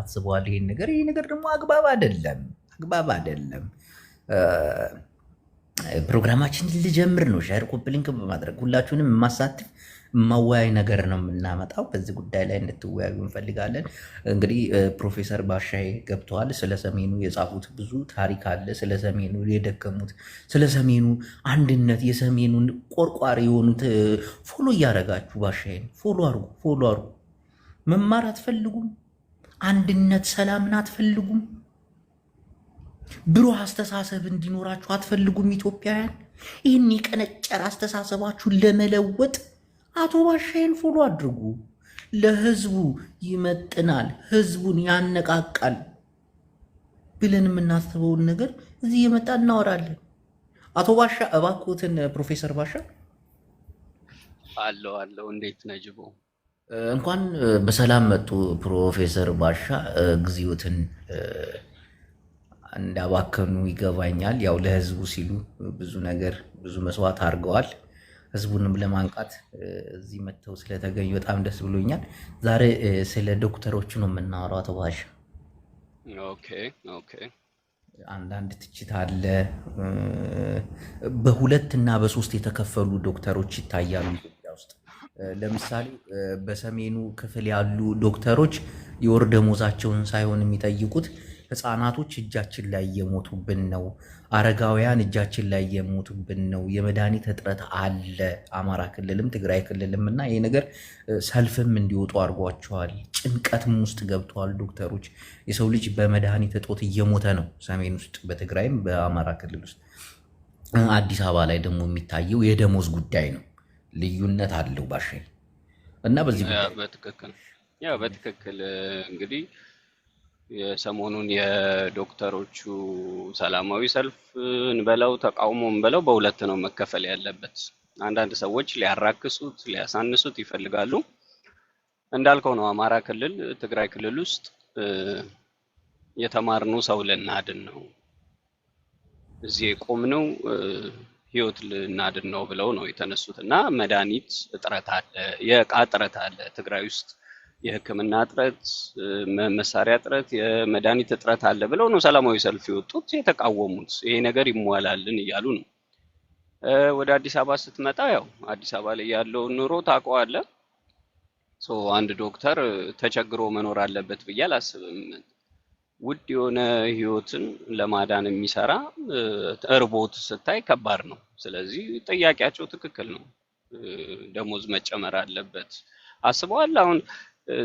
አስበዋል ይሄን ነገር። ይሄ ነገር ደግሞ አግባብ አይደለም፣ አግባብ አይደለም። ፕሮግራማችን ልጀምር ነው። ሸር ኮፕሊንክ በማድረግ ሁላችሁንም የማሳትፍ የማወያይ ነገር ነው የምናመጣው። በዚህ ጉዳይ ላይ እንድትወያዩ እንፈልጋለን። እንግዲህ ፕሮፌሰር ባሻይ ገብተዋል። ስለ ሰሜኑ የጻፉት ብዙ ታሪክ አለ። ስለ ሰሜኑ የደከሙት፣ ስለ ሰሜኑ አንድነት የሰሜኑን ቆርቋሪ የሆኑት ፎሎ እያደረጋችሁ ባሻይን ፎሎ አርጉ፣ ፎሎ አርጉ። መማር አትፈልጉም? አንድነት ሰላምን አትፈልጉም? ብሩህ አስተሳሰብ እንዲኖራችሁ አትፈልጉም? ኢትዮጵያውያን ይህን የቀነጨር አስተሳሰባችሁን ለመለወጥ አቶ ባሻይን ፎሎ አድርጉ። ለህዝቡ ይመጥናል፣ ህዝቡን ያነቃቃል ብለን የምናስበውን ነገር እዚህ የመጣ እናወራለን። አቶ ባሻ እባክዎትን ፕሮፌሰር ባሻ አለው አለው እንዴት ነጅቦ እንኳን በሰላም መጡ ፕሮፌሰር ባሻ። ጊዜዎትን እንዳባከኑ ይገባኛል። ያው ለህዝቡ ሲሉ ብዙ ነገር ብዙ መስዋዕት አድርገዋል። ህዝቡንም ለማንቃት እዚህ መጥተው ስለተገኙ በጣም ደስ ብሎኛል። ዛሬ ስለ ዶክተሮቹ ነው የምናወራው። አቶ ባሻ አንዳንድ ትችት አለ። በሁለት እና በሶስት የተከፈሉ ዶክተሮች ይታያሉ ለምሳሌ በሰሜኑ ክፍል ያሉ ዶክተሮች የወር ደሞዛቸውን ሳይሆን የሚጠይቁት ህፃናቶች እጃችን ላይ እየሞቱብን ነው፣ አረጋውያን እጃችን ላይ እየሞቱብን ነው፣ የመድኃኒት እጥረት አለ። አማራ ክልልም ትግራይ ክልልም እና ይህ ነገር ሰልፍም እንዲወጡ አድርጓቸዋል። ጭንቀትም ውስጥ ገብተዋል ዶክተሮች። የሰው ልጅ በመድኃኒት እጦት እየሞተ ነው፣ ሰሜን ውስጥ በትግራይም በአማራ ክልል ውስጥ። አዲስ አበባ ላይ ደግሞ የሚታየው የደሞዝ ጉዳይ ነው። ልዩነት አለው ባሼ እና በዚህ በትክክል ያው በትክክል እንግዲህ የሰሞኑን የዶክተሮቹ ሰላማዊ ሰልፍ እንበለው ተቃውሞ እንበለው በሁለት ነው መከፈል ያለበት። አንዳንድ ሰዎች ሊያራክሱት ሊያሳንሱት ይፈልጋሉ። እንዳልከው ነው። አማራ ክልል፣ ትግራይ ክልል ውስጥ የተማርኑ ሰው ልናድን ነው እዚህ የቆምነው ህይወት ልናድን ነው ብለው ነው የተነሱት እና መድኃኒት እጥረት አለ፣ የእቃ እጥረት አለ። ትግራይ ውስጥ የህክምና እጥረት፣ መሳሪያ እጥረት፣ የመድኃኒት እጥረት አለ ብለው ነው ሰላማዊ ሰልፍ የወጡት የተቃወሙት። ይሄ ነገር ይሟላልን እያሉ ነው። ወደ አዲስ አበባ ስትመጣ ያው አዲስ አበባ ላይ ያለውን ኑሮ ታውቀዋለህ። አንድ ዶክተር ተቸግሮ መኖር አለበት ብዬ አላስብም። ውድ የሆነ ህይወትን ለማዳን የሚሰራ እርቦት ስታይ ከባድ ነው። ስለዚህ ጥያቄያቸው ትክክል ነው። ደሞዝ መጨመር አለበት አስበዋል። አሁን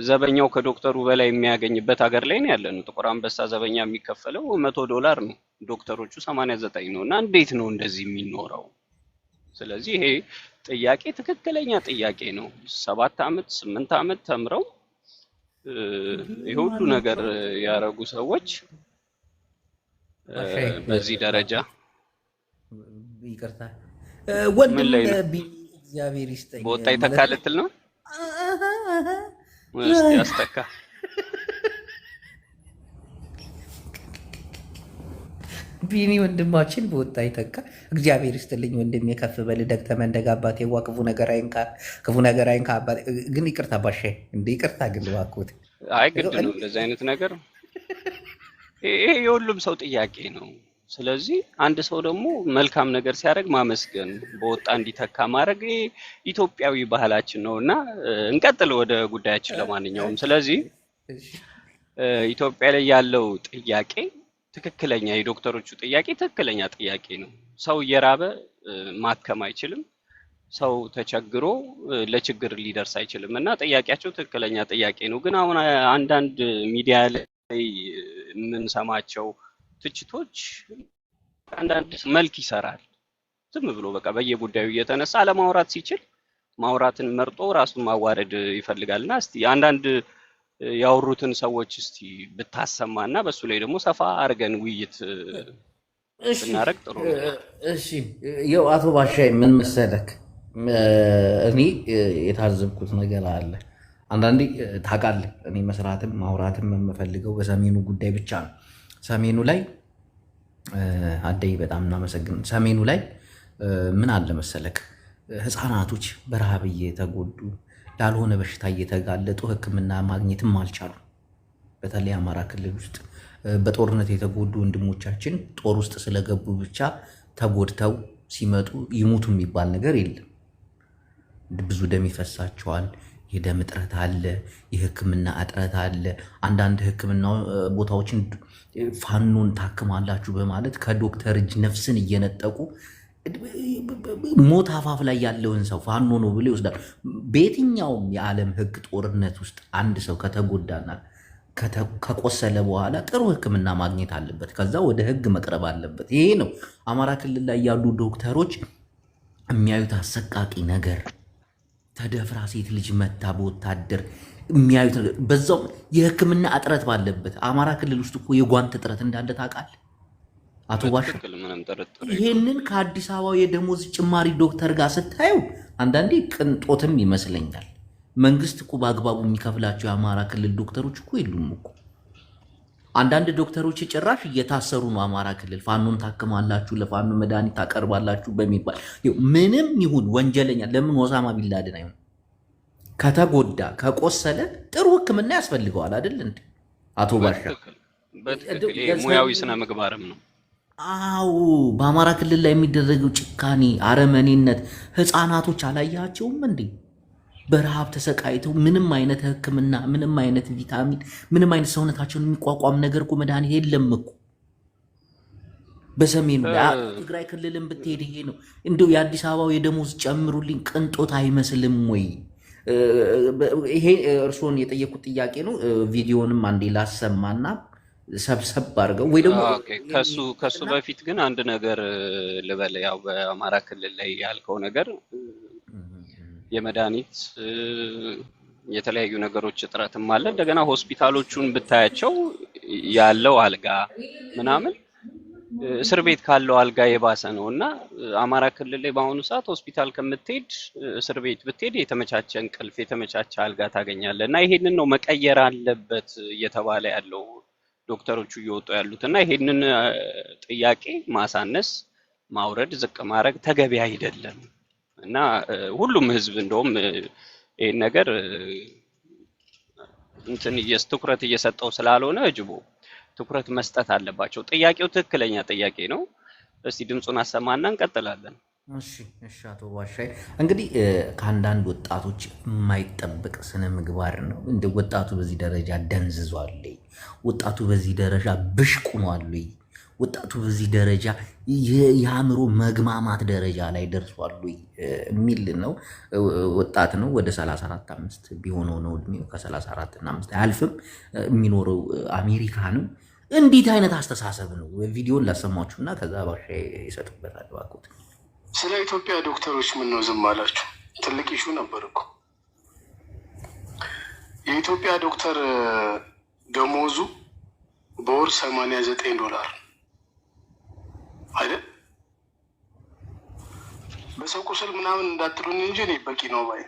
ዘበኛው ከዶክተሩ በላይ የሚያገኝበት ሀገር ላይ ነው ያለነው። ጥቁር አንበሳ ዘበኛ የሚከፈለው መቶ ዶላር ነው፣ ዶክተሮቹ 89 ነው። እና እንዴት ነው እንደዚህ የሚኖረው? ስለዚህ ይሄ ጥያቄ ትክክለኛ ጥያቄ ነው። ሰባት አመት ስምንት አመት ተምረው የሁሉ ነገር ያረጉ ሰዎች በዚህ ደረጃ ይቅርታ ወንድም እግዚአብሔር ይስጠኝ በወጣ ይተካ ልትል ነው ያስተካ ቢኒ ወንድማችን በወጣ ይተካ። እግዚአብሔር ይስጥልኝ ወንድም የከፍ በልደግ ተመንደግ አባቴ ዋ ክፉ ነገር አይንካ፣ ክፉ ነገር አይንካ። አባቴ ግን ይቅርታ ባሸ እንደ ይቅርታ ግን ልባክዎት። አይ ግድ ነው እንደዚህ አይነት ነገር ይሄ የሁሉም ሰው ጥያቄ ነው። ስለዚህ አንድ ሰው ደግሞ መልካም ነገር ሲያደርግ ማመስገን፣ በወጣ እንዲተካ ማድረግ ኢትዮጵያዊ ባህላችን ነው እና እንቀጥል ወደ ጉዳያችን። ለማንኛውም ስለዚህ ኢትዮጵያ ላይ ያለው ጥያቄ ትክክለኛ የዶክተሮቹ ጥያቄ ትክክለኛ ጥያቄ ነው። ሰው እየራበ ማከም አይችልም። ሰው ተቸግሮ ለችግር ሊደርስ አይችልም እና ጥያቄያቸው ትክክለኛ ጥያቄ ነው። ግን አሁን አንዳንድ ሚዲያ ላይ የምንሰማቸው ትችቶች አንዳንድ መልክ ይሰራል። ዝም ብሎ በቃ በየጉዳዩ እየተነሳ አለማውራት ሲችል ማውራትን መርጦ ራሱን ማዋረድ ይፈልጋል እና እስቲ አንዳንድ ያወሩትን ሰዎች እስቲ ብታሰማ እና በእሱ ላይ ደግሞ ሰፋ አድርገን ውይይት ብናደርግ ጥሩ። እሺ ያው አቶ ባሻይ ምን መሰለክ፣ እኔ የታዘብኩት ነገር አለ። አንዳንዴ ታውቃለህ፣ እኔ መስራትም ማውራትም የምፈልገው በሰሜኑ ጉዳይ ብቻ ነው። ሰሜኑ ላይ አደይ በጣም እናመሰግን። ሰሜኑ ላይ ምን አለ መሰለክ፣ ህፃናቶች በረሃብ እየተጎዱ ላልሆነ በሽታ እየተጋለጡ ሕክምና ማግኘትም አልቻሉም። በተለይ አማራ ክልል ውስጥ በጦርነት የተጎዱ ወንድሞቻችን ጦር ውስጥ ስለገቡ ብቻ ተጎድተው ሲመጡ ይሙቱ የሚባል ነገር የለም። ብዙ ደም ይፈሳቸዋል። የደም እጥረት አለ። የህክምና እጥረት አለ። አንዳንድ ህክምና ቦታዎችን ፋኖን ታክማላችሁ በማለት ከዶክተር እጅ ነፍስን እየነጠቁ ሞት አፋፍ ላይ ያለውን ሰው ፋኖ ነው ብሎ ይወስዳል። በየትኛውም የዓለም ሕግ ጦርነት ውስጥ አንድ ሰው ከተጎዳና ከቆሰለ በኋላ ጥሩ ሕክምና ማግኘት አለበት። ከዛ ወደ ሕግ መቅረብ አለበት። ይሄ ነው አማራ ክልል ላይ ያሉ ዶክተሮች የሚያዩት አሰቃቂ ነገር። ተደፍራ ሴት ልጅ መታ በወታደር የሚያዩት ነገር፣ በዛውም የሕክምና እጥረት ባለበት አማራ ክልል ውስጥ እኮ የጓንት እጥረት እንዳለ ታውቃለህ። አቶ ይሄንን ከአዲስ አበባ የደሞዝ ጭማሪ ዶክተር ጋር ስታየው አንዳንዴ ቅንጦትም ይመስለኛል። መንግስት እኮ በአግባቡ የሚከፍላቸው የአማራ ክልል ዶክተሮች እኮ የሉም እኮ። አንዳንድ ዶክተሮች ጭራሽ እየታሰሩ ነው። አማራ ክልል ፋኖን ታክማላችሁ፣ ለፋኖ መድኃኒት ታቀርባላችሁ በሚባል ምንም ይሁን ወንጀለኛ ለምን ወሳማ ቢላድን አይሆን? ከተጎዳ ከቆሰለ ጥሩ ሕክምና ያስፈልገዋል አይደል? እንደ አቶ ባሻ ሙያዊ ስነ ምግባርም ነው አዎ በአማራ ክልል ላይ የሚደረገው ጭካኔ፣ አረመኔነት ህፃናቶች አላያቸውም እንዴ? በረሃብ ተሰቃይተው ምንም አይነት ህክምና ምንም አይነት ቪታሚን ምንም አይነት ሰውነታቸውን የሚቋቋም ነገር እኮ መድኃኒት የለም እኮ። በሰሜኑ ትግራይ ክልልን ብትሄድ ይሄ ነው። እንዲ የአዲስ አበባው የደሞዝ ጨምሩልኝ ቅንጦት አይመስልም ወይ? ይሄ እርስዎን የጠየኩት ጥያቄ ነው። ቪዲዮንም አንዴ ላሰማና ሰብሰብ አድርገው ወይ ደግሞ ከሱ በፊት ግን አንድ ነገር ልበል። ያው በአማራ ክልል ላይ ያልከው ነገር የመድኃኒት የተለያዩ ነገሮች እጥረትም አለ። እንደገና ሆስፒታሎቹን ብታያቸው ያለው አልጋ ምናምን እስር ቤት ካለው አልጋ የባሰ ነው እና አማራ ክልል ላይ በአሁኑ ሰዓት ሆስፒታል ከምትሄድ እስር ቤት ብትሄድ የተመቻቸ እንቅልፍ፣ የተመቻቸ አልጋ ታገኛለህ እና ይሄንን ነው መቀየር አለበት እየተባለ ያለው ዶክተሮቹ እየወጡ ያሉት እና ይሄንን ጥያቄ ማሳነስ፣ ማውረድ፣ ዝቅ ማድረግ ተገቢ አይደለም እና ሁሉም ህዝብ እንደውም ይህን ነገር እንትን ትኩረት እየሰጠው ስላልሆነ እጅቦ ትኩረት መስጠት አለባቸው። ጥያቄው ትክክለኛ ጥያቄ ነው። እስቲ ድምፁን አሰማና እንቀጥላለን። እሺ እሺ አቶ ባሻይ እንግዲህ ከአንዳንድ ወጣቶች የማይጠበቅ ስነ ምግባር ነው። እንደ ወጣቱ በዚህ ደረጃ ደንዝዟል፣ ወጣቱ በዚህ ደረጃ ብሽቁ ወጣቱ በዚህ ደረጃ የአእምሮ መግማማት ደረጃ ላይ ደርሷል የሚል ነው። ወጣት ነው ወደ 34 አምስት ቢሆነው ነው እድሜው ከ34 እና አምስት አያልፍም የሚኖረው አሜሪካ ነው። እንዴት አይነት አስተሳሰብ ነው? ቪዲዮን ላሰማችሁና ከዛ ባሻ ይሰጡበታል። ስለ ኢትዮጵያ ዶክተሮች ምን ነው ዝም አላችሁ? ትልቅ ይሹ ነበር እኮ። የኢትዮጵያ ዶክተር ደሞዙ በወር ሰማንያ ዘጠኝ ዶላር አይደል? በሰው ቁስል ምናምን እንዳትሉን እንጂ እኔ በቂ ነው ባይ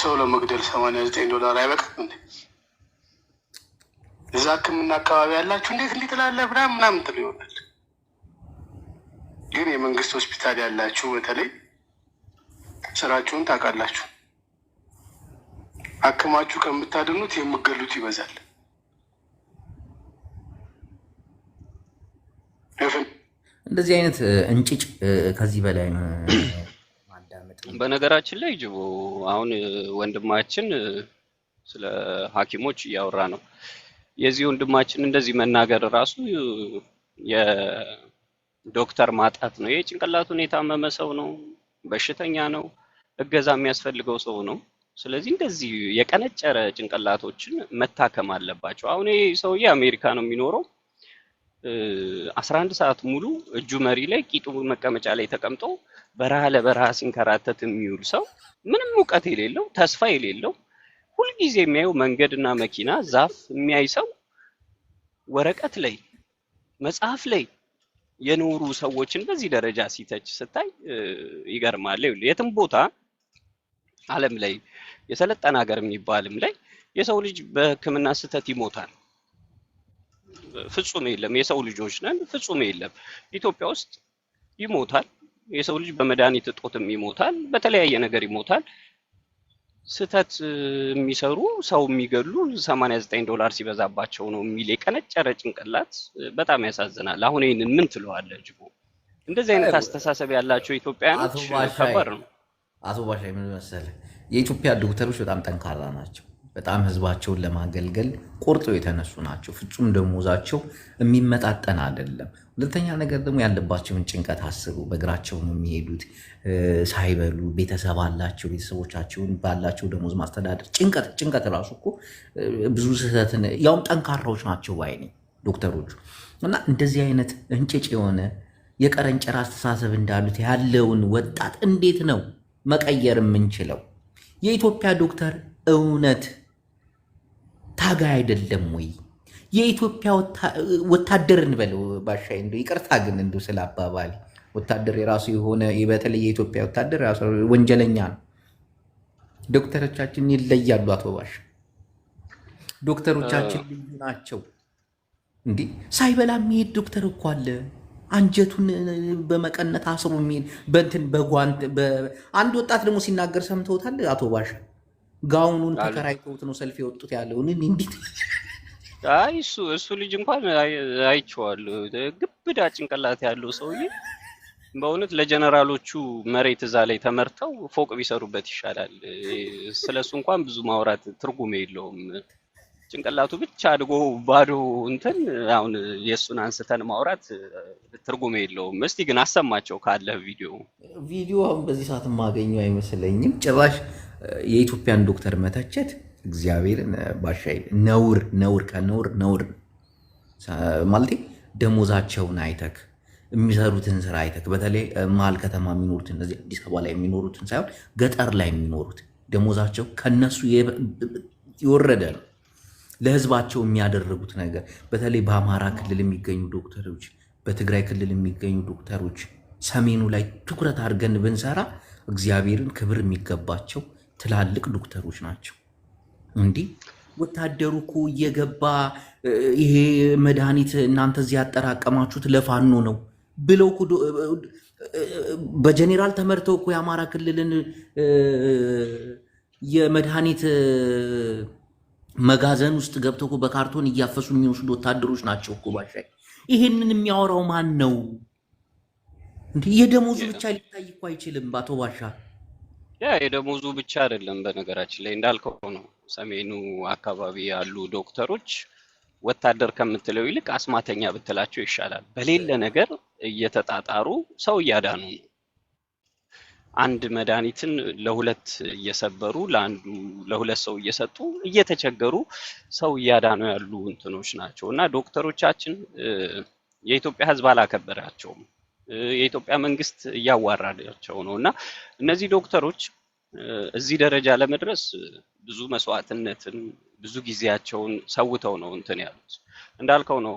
ሰው ለመግደል ሰማንያ ዘጠኝ ዶላር አይበቃም እንዴ? እዛ ሕክምና አካባቢ ያላችሁ እንዴት እንዲህ ትላለህ ምናምን ምናምን ትሉ ይሆናል ግን የመንግስት ሆስፒታል ያላችሁ በተለይ ስራችሁን ታውቃላችሁ። አክማችሁ ከምታድኑት የምገሉት ይበዛል። እንደዚህ አይነት እንጭጭ ከዚህ በላይ በነገራችን ላይ ጅቦ አሁን ወንድማችን ስለ ሐኪሞች እያወራ ነው። የዚህ ወንድማችን እንደዚህ መናገር ራሱ ዶክተር ማጣት ነው። ይሄ ጭንቅላቱን የታመመ ሰው ነው፣ በሽተኛ ነው፣ እገዛ የሚያስፈልገው ሰው ነው። ስለዚህ እንደዚህ የቀነጨረ ጭንቅላቶችን መታከም አለባቸው። አሁን ይሄ ሰውዬ አሜሪካ ነው የሚኖረው። አስራ አንድ ሰዓት ሙሉ እጁ መሪ ላይ ቂጡ መቀመጫ ላይ ተቀምጦ በረሃ ለበረሃ ሲንከራተት የሚውል ሰው ምንም እውቀት የሌለው ተስፋ የሌለው ሁልጊዜ የሚያየው መንገድና መኪና፣ ዛፍ የሚያይ ሰው ወረቀት ላይ መጽሐፍ ላይ የኖሩ ሰዎችን በዚህ ደረጃ ሲተች ስታይ ይገርማል። የትም ቦታ ዓለም ላይ የሰለጠነ ሀገር የሚባልም ላይ የሰው ልጅ በሕክምና ስህተት ይሞታል። ፍጹም የለም። የሰው ልጆች ነን፣ ፍጹም የለም። ኢትዮጵያ ውስጥ ይሞታል። የሰው ልጅ በመድኃኒት እጦትም ይሞታል፣ በተለያየ ነገር ይሞታል። ስህተት የሚሰሩ ሰው የሚገሉ 89 ዶላር ሲበዛባቸው ነው የሚል የቀነጨረ ጭንቅላት በጣም ያሳዝናል። አሁን ይህንን ምን ትለዋለህ ጅቦ? እንደዚህ አይነት አስተሳሰብ ያላቸው ኢትዮጵያኖች ከባድ ነው። አቶ ባሻይ ምን መሰለህ፣ የኢትዮጵያ ዶክተሮች በጣም ጠንካራ ናቸው። በጣም ህዝባቸውን ለማገልገል ቆርጠው የተነሱ ናቸው። ፍጹም ደሞዛቸው የሚመጣጠን አይደለም። ሁለተኛ ነገር ደግሞ ያለባቸውን ጭንቀት አስቡ። በእግራቸው ነው የሚሄዱት ሳይበሉ፣ ቤተሰብ አላቸው። ቤተሰቦቻቸውን ባላቸው ደሞዝ ማስተዳደር ጭንቀት ጭንቀት ራሱ እኮ ብዙ ስህተትን ያውም ጠንካራዎች ናቸው ባይ ዶክተሮቹ። እና እንደዚህ አይነት እንጭጭ የሆነ የቀረንጨር አስተሳሰብ እንዳሉት ያለውን ወጣት እንዴት ነው መቀየር የምንችለው? የኢትዮጵያ ዶክተር እውነት ታጋይ አይደለም ወይ? የኢትዮጵያ ወታደር እንበለው ባሻ ይቅርታ ግን እንዲሁ ስለ አባባል ወታደር የራሱ የሆነ በተለይ የኢትዮጵያ ወታደር ወንጀለኛ ነው። ዶክተሮቻችን ይለያሉ። አቶ ባሻ ዶክተሮቻችን ልዩ ናቸው። እንዲህ ሳይበላ የሚሄድ ዶክተር እኮ አለ። አንጀቱን በመቀነት አስሮ የሚሄድ በእንትን በጓንት አንድ ወጣት ደግሞ ሲናገር ሰምተውታል አቶ ባሻ ጋውኑን ተከራይተውት ነው ሰልፍ የወጡት ያለውን እንዲህ አይ እሱ እሱ ልጅ እንኳን አይቼዋለሁ። ግብዳ ጭንቅላት ያለው ሰውዬ በእውነት ለጀነራሎቹ መሬት እዛ ላይ ተመርተው ፎቅ ቢሰሩበት ይሻላል። ስለሱ እንኳን ብዙ ማውራት ትርጉም የለውም። ጭንቅላቱ ብቻ አድጎ ባዶ እንትን አሁን የእሱን አንስተን ማውራት ትርጉም የለውም። እስቲ ግን አሰማቸው ካለ ቪዲዮ ቪዲዮ አሁን በዚህ ሰዓት የማገኘው አይመስለኝም። ጭራሽ የኢትዮጵያን ዶክተር መተቸት እግዚአብሔርን ባሻይ ነውር ነውር ከነውር ነውር ማለት ደሞዛቸውን አይተክ የሚሰሩትን ስራ አይተክ በተለይ መሀል ከተማ የሚኖሩት እነዚህ አዲስ አበባ ላይ የሚኖሩትን ሳይሆን ገጠር ላይ የሚኖሩት ደሞዛቸው ከነሱ የወረደ ነው። ለህዝባቸው የሚያደረጉት ነገር በተለይ በአማራ ክልል የሚገኙ ዶክተሮች፣ በትግራይ ክልል የሚገኙ ዶክተሮች ሰሜኑ ላይ ትኩረት አድርገን ብንሰራ እግዚአብሔርን ክብር የሚገባቸው ትላልቅ ዶክተሮች ናቸው። እንዲህ ወታደሩ እኮ እየገባ ይሄ መድኃኒት እናንተ እዚህ ያጠራቀማችሁት ለፋኖ ነው ብለው በጀኔራል ተመርተው እኮ የአማራ ክልልን የመድኃኒት መጋዘን ውስጥ ገብተው በካርቶን እያፈሱ የሚወስዱ ወታደሮች ናቸው እኮ ባሻይ። ይሄንን የሚያወራው ማን ነው? የደሞዙ ብቻ ሊታይ እኮ አይችልም። ባቶ ባሻ ያ የደሞዙ ብቻ አይደለም። በነገራችን ላይ እንዳልከው ነው። ሰሜኑ አካባቢ ያሉ ዶክተሮች ወታደር ከምትለው ይልቅ አስማተኛ ብትላቸው ይሻላል። በሌለ ነገር እየተጣጣሩ ሰው እያዳኑ ነው። አንድ መድኃኒትን ለሁለት እየሰበሩ ለአንዱ ለሁለት ሰው እየሰጡ እየተቸገሩ ሰው እያዳኑ ያሉ እንትኖች ናቸው እና ዶክተሮቻችን የኢትዮጵያ ሕዝብ አላከበራቸውም። የኢትዮጵያ መንግስት እያዋራቸው ነው እና እነዚህ ዶክተሮች እዚህ ደረጃ ለመድረስ ብዙ መስዋዕትነትን ብዙ ጊዜያቸውን ሰውተው ነው እንትን ያሉት። እንዳልከው ነው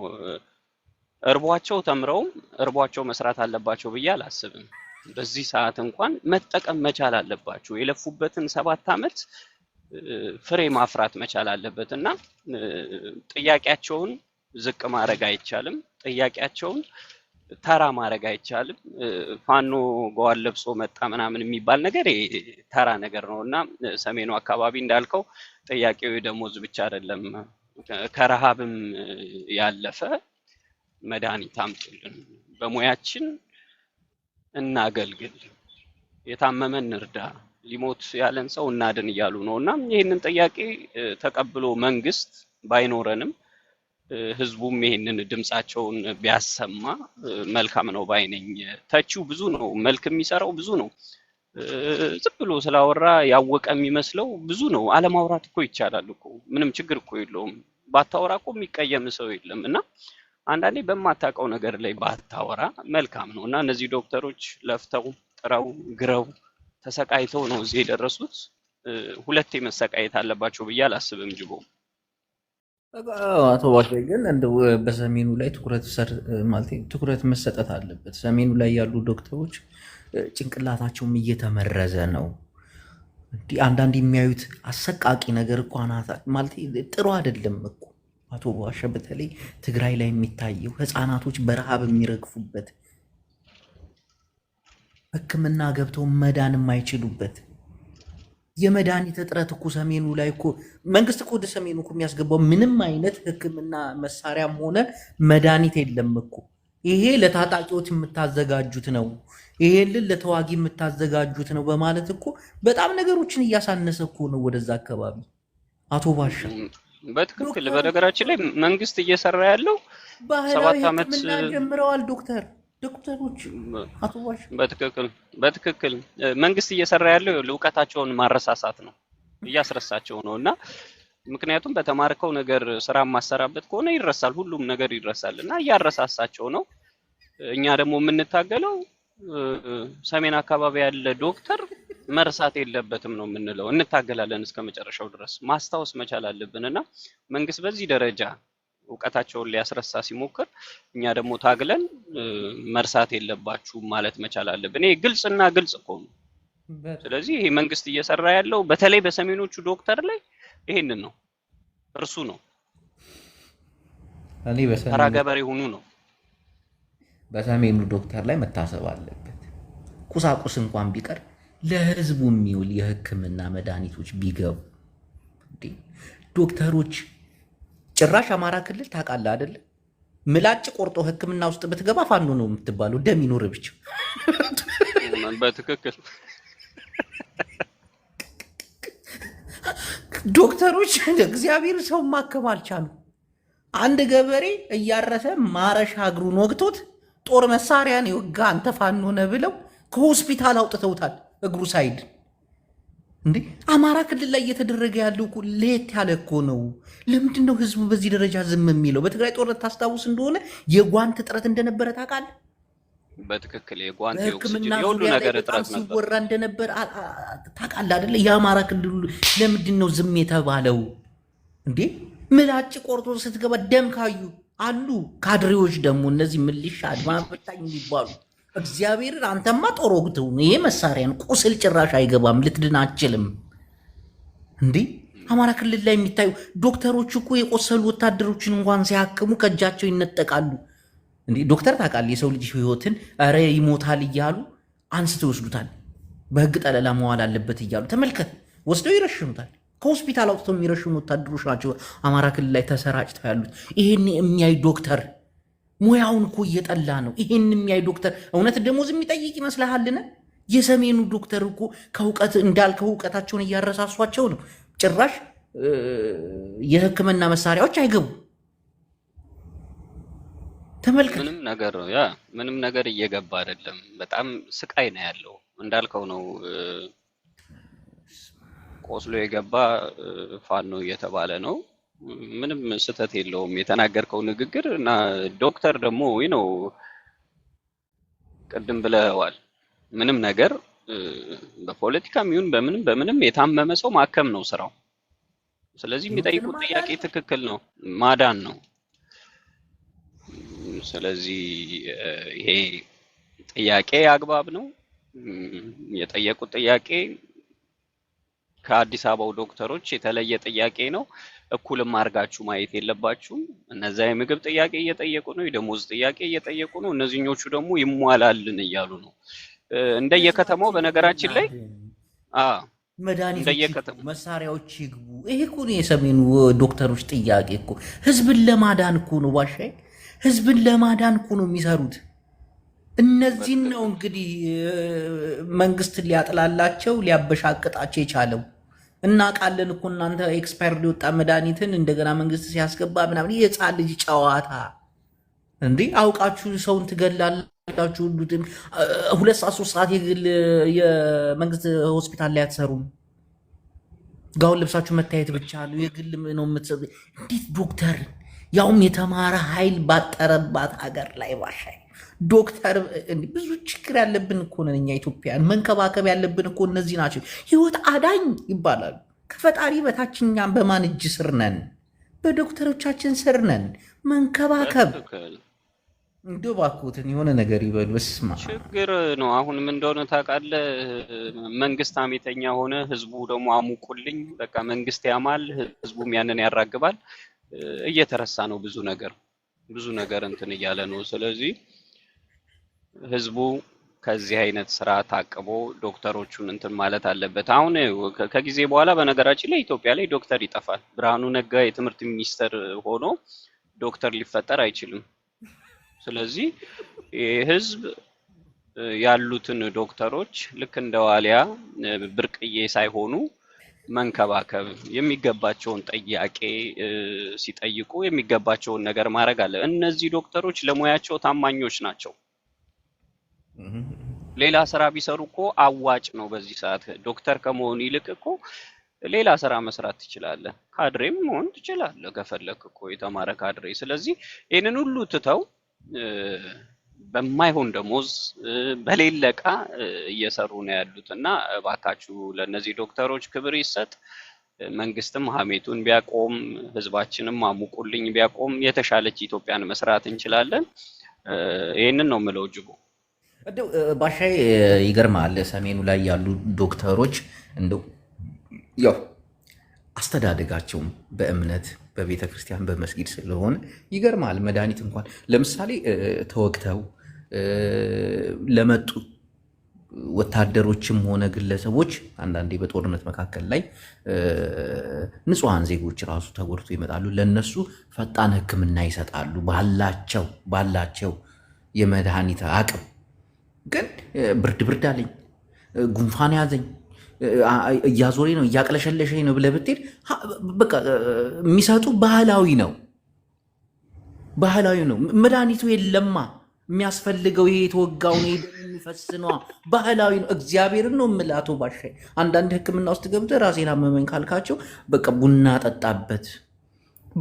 እርቧቸው ተምረውም እርቧቸው መስራት አለባቸው ብዬ አላስብም። በዚህ ሰዓት እንኳን መጠቀም መቻል አለባቸው። የለፉበትን ሰባት ዓመት ፍሬ ማፍራት መቻል አለበት እና ጥያቄያቸውን ዝቅ ማድረግ አይቻልም። ጥያቄያቸውን ተራ ማድረግ አይቻልም። ፋኖ ጓል ለብሶ መጣ ምናምን የሚባል ነገር ተራ ነገር ነው እና ሰሜኑ አካባቢ እንዳልከው ጥያቄው ደሞዝ ብቻ አይደለም፣ ከረሃብም ያለፈ መድኃኒት አምጡልን፣ በሙያችን እናገልግል፣ የታመመን እርዳ፣ ሊሞት ያለን ሰው እናድን እያሉ ነው እና ይህንን ጥያቄ ተቀብሎ መንግስት ባይኖረንም ህዝቡም ይሄንን ድምፃቸውን ቢያሰማ መልካም ነው ባይ ነኝ። ተቺው ብዙ ነው፣ መልክ የሚሰራው ብዙ ነው። ዝም ብሎ ስላወራ ያወቀ የሚመስለው ብዙ ነው። አለማውራት እኮ ይቻላል እኮ ምንም ችግር እኮ የለውም። ባታወራ እኮ የሚቀየም ሰው የለም። እና አንዳንዴ በማታውቀው ነገር ላይ ባታወራ መልካም ነው። እና እነዚህ ዶክተሮች ለፍተው ጥረው ግረው ተሰቃይተው ነው እዚህ የደረሱት። ሁለቴ መሰቃየት አለባቸው ብዬ አላስብም ጅቦ አቶ ባሻ ግን በሰሜኑ ላይ ትኩረት ትኩረት መሰጠት አለበት። ሰሜኑ ላይ ያሉ ዶክተሮች ጭንቅላታቸውም እየተመረዘ ነው። አንዳንድ የሚያዩት አሰቃቂ ነገር እኮ ማለት ጥሩ አይደለም እኮ አቶ ባሻ። በተለይ ትግራይ ላይ የሚታየው ህፃናቶች በረሃብ የሚረግፉበት ሕክምና ገብተው መዳን የማይችሉበት የመድኃኒት እጥረት እኮ ሰሜኑ ላይ እኮ መንግስት እኮ ወደ ሰሜኑ እኮ የሚያስገባው ምንም አይነት ህክምና መሳሪያም ሆነ መድኃኒት የለም እኮ። ይሄ ለታጣቂዎች የምታዘጋጁት ነው፣ ይሄንን ለተዋጊ የምታዘጋጁት ነው በማለት እኮ በጣም ነገሮችን እያሳነሰ እኮ ነው ወደዛ አካባቢ። አቶ ባሻ በትክክል በነገራችን ላይ መንግስት እየሰራ ያለው ባህላዊ ህክምና ጀምረዋል ዶክተር ዶክተሮች አቶ በትክክል በትክክል መንግስት እየሰራ ያለው ልውቀታቸውን ማረሳሳት ነው፣ እያስረሳቸው ነው እና ምክንያቱም በተማርከው ነገር ስራ ማሰራበት ከሆነ ይረሳል፣ ሁሉም ነገር ይረሳል እና እያረሳሳቸው ነው። እኛ ደግሞ የምንታገለው ሰሜን አካባቢ ያለ ዶክተር መርሳት የለበትም ነው የምንለው። እንታገላለን እስከ መጨረሻው ድረስ ማስታወስ መቻል አለብን እና መንግስት በዚህ ደረጃ እውቀታቸውን ሊያስረሳ ሲሞክር እኛ ደግሞ ታግለን መርሳት የለባችሁም ማለት መቻል አለብን። ይሄ ግልጽና ግልጽ እኮ ነው። ስለዚህ ይሄ መንግስት እየሰራ ያለው በተለይ በሰሜኖቹ ዶክተር ላይ ይሄንን ነው። እርሱ ነው ተራ ገበሬ ሆኑ ነው። በሰሜኑ ዶክተር ላይ መታሰብ አለበት። ቁሳቁስ እንኳን ቢቀር ለህዝቡ የሚውል የህክምና መድኃኒቶች ቢገቡ ዶክተሮች ጭራሽ አማራ ክልል ታውቃለህ አይደለ? ምላጭ ቆርጦ ሕክምና ውስጥ ብትገባ ፋኖ ነው የምትባለው። ደም ይኖር ብቻ። በትክክል ዶክተሮች እግዚአብሔር ሰው ማከም አልቻሉ። አንድ ገበሬ እያረሰ ማረሻ እግሩን ወግቶት ጦር መሳሪያን የወጋ አንተ ፋኖ ነህ ብለው ከሆስፒታል አውጥተውታል እግሩ ሳይድን እንዴ አማራ ክልል ላይ እየተደረገ ያለው እኮ ለየት ያለ እኮ ነው። ለምንድን ነው ህዝቡ በዚህ ደረጃ ዝም የሚለው? በትግራይ ጦርነት ታስታውስ እንደሆነ የጓንት እጥረት እንደነበረ ታውቃለህ። በትክክል የጓንት ሲወራ እንደነበር ታውቃለህ አይደለ? የአማራ ክልሉ ለምንድን ነው ዝም የተባለው? እንዴ ምላጭ ቆርጦ ስትገባ ደም ካዩ አሉ ካድሬዎች ደግሞ እነዚህ ምልሻ አድማ በታኝ የሚባሉ እግዚአብሔርን አንተማ ጦር ወግተው ይሄ መሳሪያን ቁስል ጭራሽ አይገባም፣ ልትድን አችልም። እንዲህ አማራ ክልል ላይ የሚታዩ ዶክተሮች እኮ የቆሰሉ ወታደሮችን እንኳን ሲያክሙ ከእጃቸው ይነጠቃሉ። እንዲህ ዶክተር ታውቃለህ፣ የሰው ልጅ ህይወትን ኧረ ይሞታል እያሉ አንስተው ይወስዱታል። በህግ ጠለላ መዋል አለበት እያሉ ተመልከት፣ ወስደው ይረሽኑታል። ከሆስፒታል አውጥተው የሚረሽኑ ወታደሮች ናቸው አማራ ክልል ላይ ተሰራጭተው ያሉት። ይህን የሚያይ ዶክተር ሙያውን እኮ እየጠላ ነው። ይሄን የሚያይ ዶክተር እውነት ደሞዝ የሚጠይቅ ይመስልሃልን? የሰሜኑ ዶክተር እኮ ከእውቀት እንዳልከው እውቀታቸውን እያረሳሷቸው ነው። ጭራሽ የሕክምና መሳሪያዎች አይገቡም። ተመልከት። ምንም ነገር ያ ምንም ነገር እየገባ አይደለም። በጣም ስቃይ ነው ያለው። እንዳልከው ነው። ቆስሎ የገባ ፋኖ እየተባለ ነው ምንም ስህተት የለውም የተናገርከው ንግግር እና ዶክተር ደግሞ ወይ ነው ቅድም ብለዋል። ምንም ነገር በፖለቲካም ይሁን በምንም በምንም የታመመ ሰው ማከም ነው ስራው። ስለዚህ የሚጠይቁት ጥያቄ ትክክል ነው፣ ማዳን ነው። ስለዚህ ይሄ ጥያቄ አግባብ ነው። የጠየቁት ጥያቄ ከአዲስ አበባው ዶክተሮች የተለየ ጥያቄ ነው። እኩልም አድርጋችሁ ማየት የለባችሁም። እነዚያ የምግብ ጥያቄ እየጠየቁ ነው፣ የደሞዝ ጥያቄ እየጠየቁ ነው። እነዚህኞቹ ደግሞ ይሟላልን እያሉ ነው። እንደየከተማው በነገራችን ላይ መድኃኒቶች፣ መሳሪያዎች ይግቡ። ይሄ እኮ ነው የሰሜኑ ዶክተሮች ጥያቄ እኮ ህዝብን ለማዳን እኮ ነው ባሻይ፣ ህዝብን ለማዳን እኮ ነው የሚሰሩት። እነዚህን ነው እንግዲህ መንግስት ሊያጥላላቸው ሊያበሻቅጣቸው የቻለው። እናቃለን እኮ እናንተ ኤክስፓየር ወጣ መድኃኒትን እንደገና መንግስት ሲያስገባ ምናምን የህፃን ልጅ ጨዋታ እንዴ! አውቃችሁ ሰውን ትገላላችሁ። ሁለት ሰዓት ሶስት ሰዓት የግል የመንግስት ሆስፒታል ላይ አትሰሩም። ጋውን ለብሳችሁ መታየት ብቻ አሉ። የግል ነው የምትሰሩ። እንዴት ዶክተር ያውም የተማረ ኃይል ባጠረባት ሀገር ላይ ባሻይ ዶክተር ብዙ ችግር ያለብን እኮ ነን እኛ ኢትዮጵያን መንከባከብ ያለብን እኮ እነዚህ ናቸው። ህይወት አዳኝ ይባላሉ። ከፈጣሪ በታች እኛም በማን እጅ ስር ነን? በዶክተሮቻችን ስር ነን። መንከባከብ እንዲሁ የሆነ ነገር ይበሉ። ስማ፣ ችግር ነው። አሁንም እንደሆነ ታውቃለህ፣ መንግስት አሜተኛ ሆነ፣ ህዝቡ ደግሞ አሙቁልኝ። በቃ መንግስት ያማል፣ ህዝቡም ያንን ያራግባል። እየተረሳ ነው ብዙ ነገር ብዙ ነገር እንትን እያለ ነው። ስለዚህ ህዝቡ ከዚህ አይነት ስራ ታቅቦ ዶክተሮቹን እንትን ማለት አለበት። አሁን ከጊዜ በኋላ በነገራችን ላይ ኢትዮጵያ ላይ ዶክተር ይጠፋል። ብርሃኑ ነጋ የትምህርት ሚኒስተር ሆኖ ዶክተር ሊፈጠር አይችልም። ስለዚህ ህዝብ ያሉትን ዶክተሮች ልክ እንደ ዋሊያ ብርቅዬ ሳይሆኑ መንከባከብ የሚገባቸውን ጥያቄ ሲጠይቁ የሚገባቸውን ነገር ማድረግ አለ። እነዚህ ዶክተሮች ለሙያቸው ታማኞች ናቸው። ሌላ ስራ ቢሰሩ እኮ አዋጭ ነው። በዚህ ሰዓት ዶክተር ከመሆን ይልቅ እኮ ሌላ ስራ መስራት ትችላለህ። ካድሬም መሆን ትችላለህ ከፈለክ እኮ የተማረ ካድሬ። ስለዚህ ይህንን ሁሉ ትተው በማይሆን ደሞዝ በሌለ እቃ እየሰሩ ነው ያሉት እና እባካችሁ ለእነዚህ ዶክተሮች ክብር ይሰጥ። መንግስትም ሀሜቱን ቢያቆም፣ ህዝባችንም አሙቁልኝ ቢያቆም የተሻለች ኢትዮጵያን መስራት እንችላለን። ይህንን ነው የምለው ጅቡ። እንደው ባሻይ ይገርማል። ሰሜኑ ላይ ያሉ ዶክተሮች እንደው ያው አስተዳደጋቸውም በእምነት በቤተ ክርስቲያን በመስጊድ ስለሆነ ይገርማል። መድኃኒት እንኳን ለምሳሌ ተወግተው ለመጡ ወታደሮችም ሆነ ግለሰቦች አንዳንዴ በጦርነት መካከል ላይ ንጹሐን ዜጎች ራሱ ተጎድቶ ይመጣሉ። ለነሱ ፈጣን ሕክምና ይሰጣሉ ባላቸው ባላቸው የመድኃኒት አቅም ግን ብርድ ብርድ አለኝ፣ ጉንፋን ያዘኝ፣ እያዞሬ ነው እያቅለሸለሸኝ ነው ብለህ ብትሄድ በቃ የሚሰጡ ባህላዊ ነው ባህላዊ ነው። መድኃኒቱ የለማ የሚያስፈልገው ይሄ የተወጋው ነው የሚፈስነዋ ባህላዊ ነው። እግዚአብሔርን ነው የምልህ አቶ ባሻይ። አንዳንድ ሕክምና ውስጥ ገብተህ ራሴን አመመኝ ካልካቸው በቃ ቡና ጠጣበት፣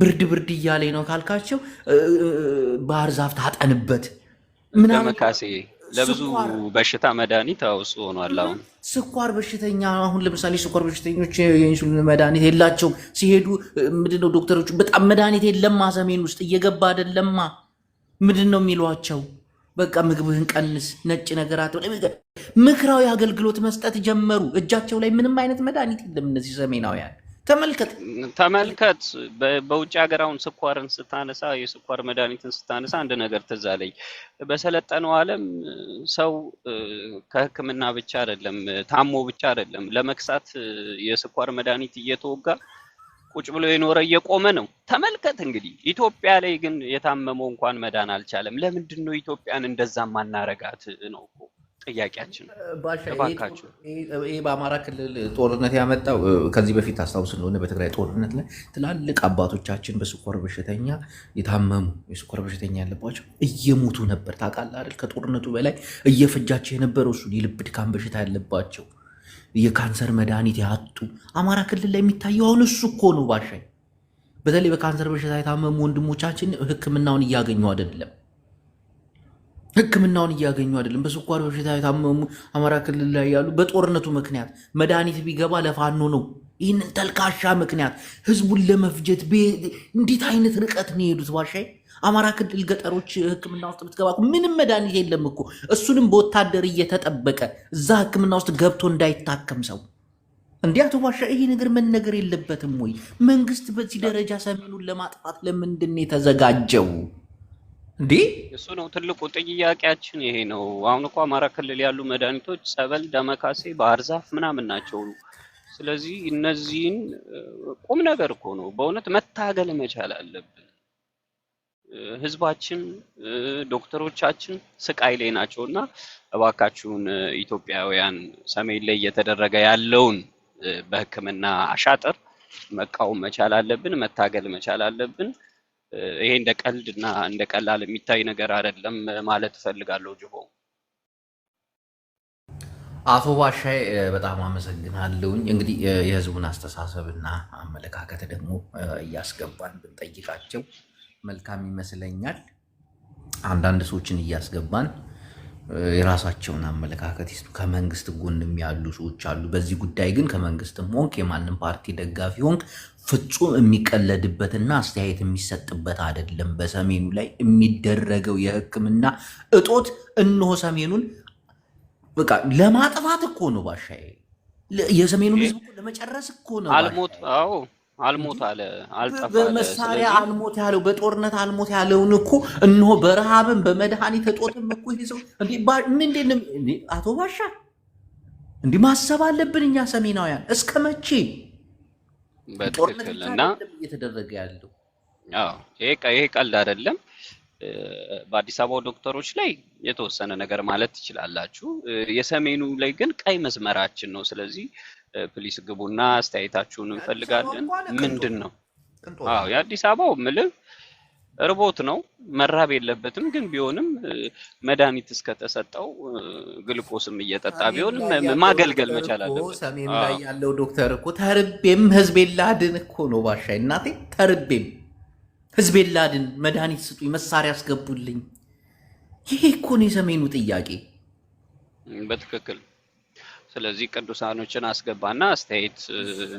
ብርድ ብርድ እያለኝ ነው ካልካቸው ባህር ዛፍ ታጠንበት ምናምን ለብዙ በሽታ መድኃኒት እሱ ሆኗል። አሁን ስኳር በሽተኛ አሁን ለምሳሌ ስኳር በሽተኞች የኢንሱሊን መድኃኒት የላቸውም። ሲሄዱ ምንድነው ዶክተሮቹ በጣም መድኃኒት የለማ ሰሜን ውስጥ እየገባ አይደለማ ምንድን ነው የሚሏቸው? በቃ ምግብህን ቀንስ፣ ነጭ ነገራት፣ ምክራዊ አገልግሎት መስጠት ጀመሩ። እጃቸው ላይ ምንም አይነት መድኃኒት የለም እነዚህ ሰሜናውያን ተመልከት ተመልከት በውጭ ሀገር አሁን ስኳርን ስታነሳ የስኳር መድኃኒትን ስታነሳ አንድ ነገር ትዝ አለኝ። በሰለጠነው ዓለም ሰው ከሕክምና ብቻ አይደለም ታሞ ብቻ አይደለም ለመክሳት የስኳር መድኃኒት እየተወጋ ቁጭ ብሎ የኖረ እየቆመ ነው። ተመልከት እንግዲህ ኢትዮጵያ ላይ ግን የታመመው እንኳን መዳን አልቻለም። ለምንድን ነው ኢትዮጵያን እንደዛ ማናረጋት ነው? ጥያቄያችን ይህ በአማራ ክልል ጦርነት ያመጣው ከዚህ በፊት አስታውስ እንደሆነ በትግራይ ጦርነት ላይ ትላልቅ አባቶቻችን በስኳር በሽተኛ የታመሙ የስኳር በሽተኛ ያለባቸው እየሞቱ ነበር። ታውቃለህ አይደል? ከጦርነቱ በላይ እየፈጃቸው የነበረው እሱን የልብ ድካም በሽታ ያለባቸው የካንሰር መድኃኒት ያጡ አማራ ክልል ላይ የሚታየው አሁን እሱ እኮ ነው በተለይ በካንሰር በሽታ የታመሙ ወንድሞቻችን ሕክምናውን እያገኙ አይደለም። ህክምናውን እያገኙ አይደለም። በስኳር በሽታ የታመሙ አማራ ክልል ላይ ያሉ በጦርነቱ ምክንያት መድኃኒት ቢገባ ለፋኖ ነው። ይህንን ተልካሻ ምክንያት ህዝቡን ለመፍጀት እንዴት አይነት ርቀት ነው የሄዱት? ባሻይ አማራ ክልል ገጠሮች ህክምና ውስጥ ብትገባ ምንም መድኃኒት የለም እኮ እሱንም በወታደር እየተጠበቀ እዛ ህክምና ውስጥ ገብቶ እንዳይታከም ሰው እንዲህ አቶ ባሻ ይሄ ነገር መነገር የለበትም ወይ? መንግስት በዚህ ደረጃ ሰሜኑን ለማጥፋት ለምንድን ነው የተዘጋጀው? እንዴ እሱ ነው ትልቁ ጥያቄያችን፣ ይሄ ነው። አሁን እኮ አማራ ክልል ያሉ መድኃኒቶች ጸበል፣ ደመካሴ፣ ባህር ዛፍ ምናምን ናቸው። ስለዚህ እነዚህን ቁም ነገር እኮ ነው በእውነት መታገል መቻል አለብን። ህዝባችን፣ ዶክተሮቻችን ስቃይ ላይ ናቸው እና እባካችሁን ኢትዮጵያውያን ሰሜን ላይ እየተደረገ ያለውን በህክምና አሻጥር መቃወም መቻል አለብን፣ መታገል መቻል አለብን። ይሄ እንደ ቀልድ እና እንደ ቀላል የሚታይ ነገር አይደለም ማለት እፈልጋለሁ። ጅቦ አቶ ባሻይ በጣም አመሰግናለሁኝ። እንግዲህ የህዝቡን አስተሳሰብና አመለካከት ደግሞ እያስገባን ብንጠይቃቸው መልካም ይመስለኛል። አንዳንድ ሰዎችን እያስገባን የራሳቸውን አመለካከት ይስጡ። ከመንግስት ጎንም ያሉ ሰዎች አሉ። በዚህ ጉዳይ ግን ከመንግስትም ሆንክ የማንም ፓርቲ ደጋፊ ሆንክ ፍጹም የሚቀለድበትና አስተያየት የሚሰጥበት አይደለም። በሰሜኑ ላይ የሚደረገው የሕክምና እጦት እነሆ ሰሜኑን በቃ ለማጥፋት እኮ ነው ባሻዬ፣ የሰሜኑን ህዝብ ለመጨረስ እኮ ነው። አልሞት አለ በመሳሪያ አልሞት ያለው በጦርነት አልሞት ያለውን እኮ እንሆ በረሃብን በመድኃኒት እጦትም እኮ ይዘው አቶ ባሻ እንዲህ ማሰብ አለብን እኛ ሰሜናውያን እስከ መቼ እየተደረገ ያለው ይሄ ቀልድ አይደለም። በአዲስ አበባው ዶክተሮች ላይ የተወሰነ ነገር ማለት ትችላላችሁ። የሰሜኑ ላይ ግን ቀይ መስመራችን ነው። ስለዚህ ፕሊስ ግቡና አስተያየታችሁን እንፈልጋለን። ምንድን ነው አዎ የአዲስ አበባው ምልህ ርቦት ነው መራብ የለበትም። ግን ቢሆንም መድኃኒት እስከተሰጠው ግልኮስም እየጠጣ ቢሆንም ማገልገል መቻል አለበት። ሰሜን ላይ ያለው ዶክተር እኮ ተርቤም ህዝቤ ላድን እኮ ነው ባሻይ እናቴ፣ ተርቤም ህዝቤ ላድን፣ መድኃኒት ስጡኝ፣ መሳሪያ አስገቡልኝ። ይሄ እኮ ነው የሰሜኑ ጥያቄ በትክክል ስለዚህ ቅዱሳኖችን አስገባና አስተያየት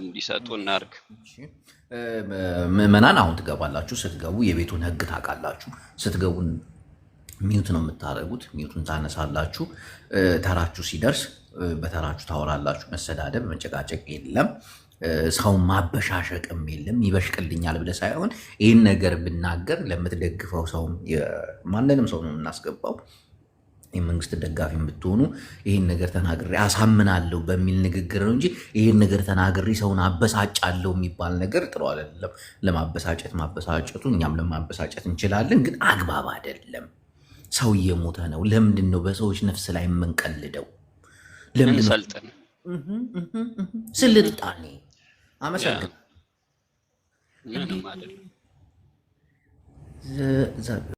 እንዲሰጡ እናርግ። ምዕመናን አሁን ትገባላችሁ። ስትገቡ የቤቱን ህግ ታውቃላችሁ። ስትገቡ ሚዩት ነው የምታደርጉት። ሚዩቱን ታነሳላችሁ። ተራችሁ ሲደርስ በተራችሁ ታወራላችሁ። መሰዳደብ፣ መጨቃጨቅ የለም። ሰው ማበሻሸቅም የለም። ይበሽቅልኛል ብለህ ሳይሆን ይህን ነገር ብናገር ለምትደግፈው ሰው ማንንም ሰው ነው የምናስገባው የመንግስት ደጋፊ የምትሆኑ ይህን ነገር ተናግሬ አሳምናለሁ በሚል ንግግር ነው እንጂ ይህን ነገር ተናግሬ ሰውን አበሳጫለሁ የሚባል ነገር ጥሩ አይደለም። ለማበሳጨት ማበሳጨቱ እኛም ለማበሳጨት እንችላለን፣ ግን አግባብ አይደለም። ሰው እየሞተ ነው። ለምንድን ነው በሰዎች ነፍስ ላይ የምንቀልደው? ለምንሰልጥን ስልጣኔ አመሰግን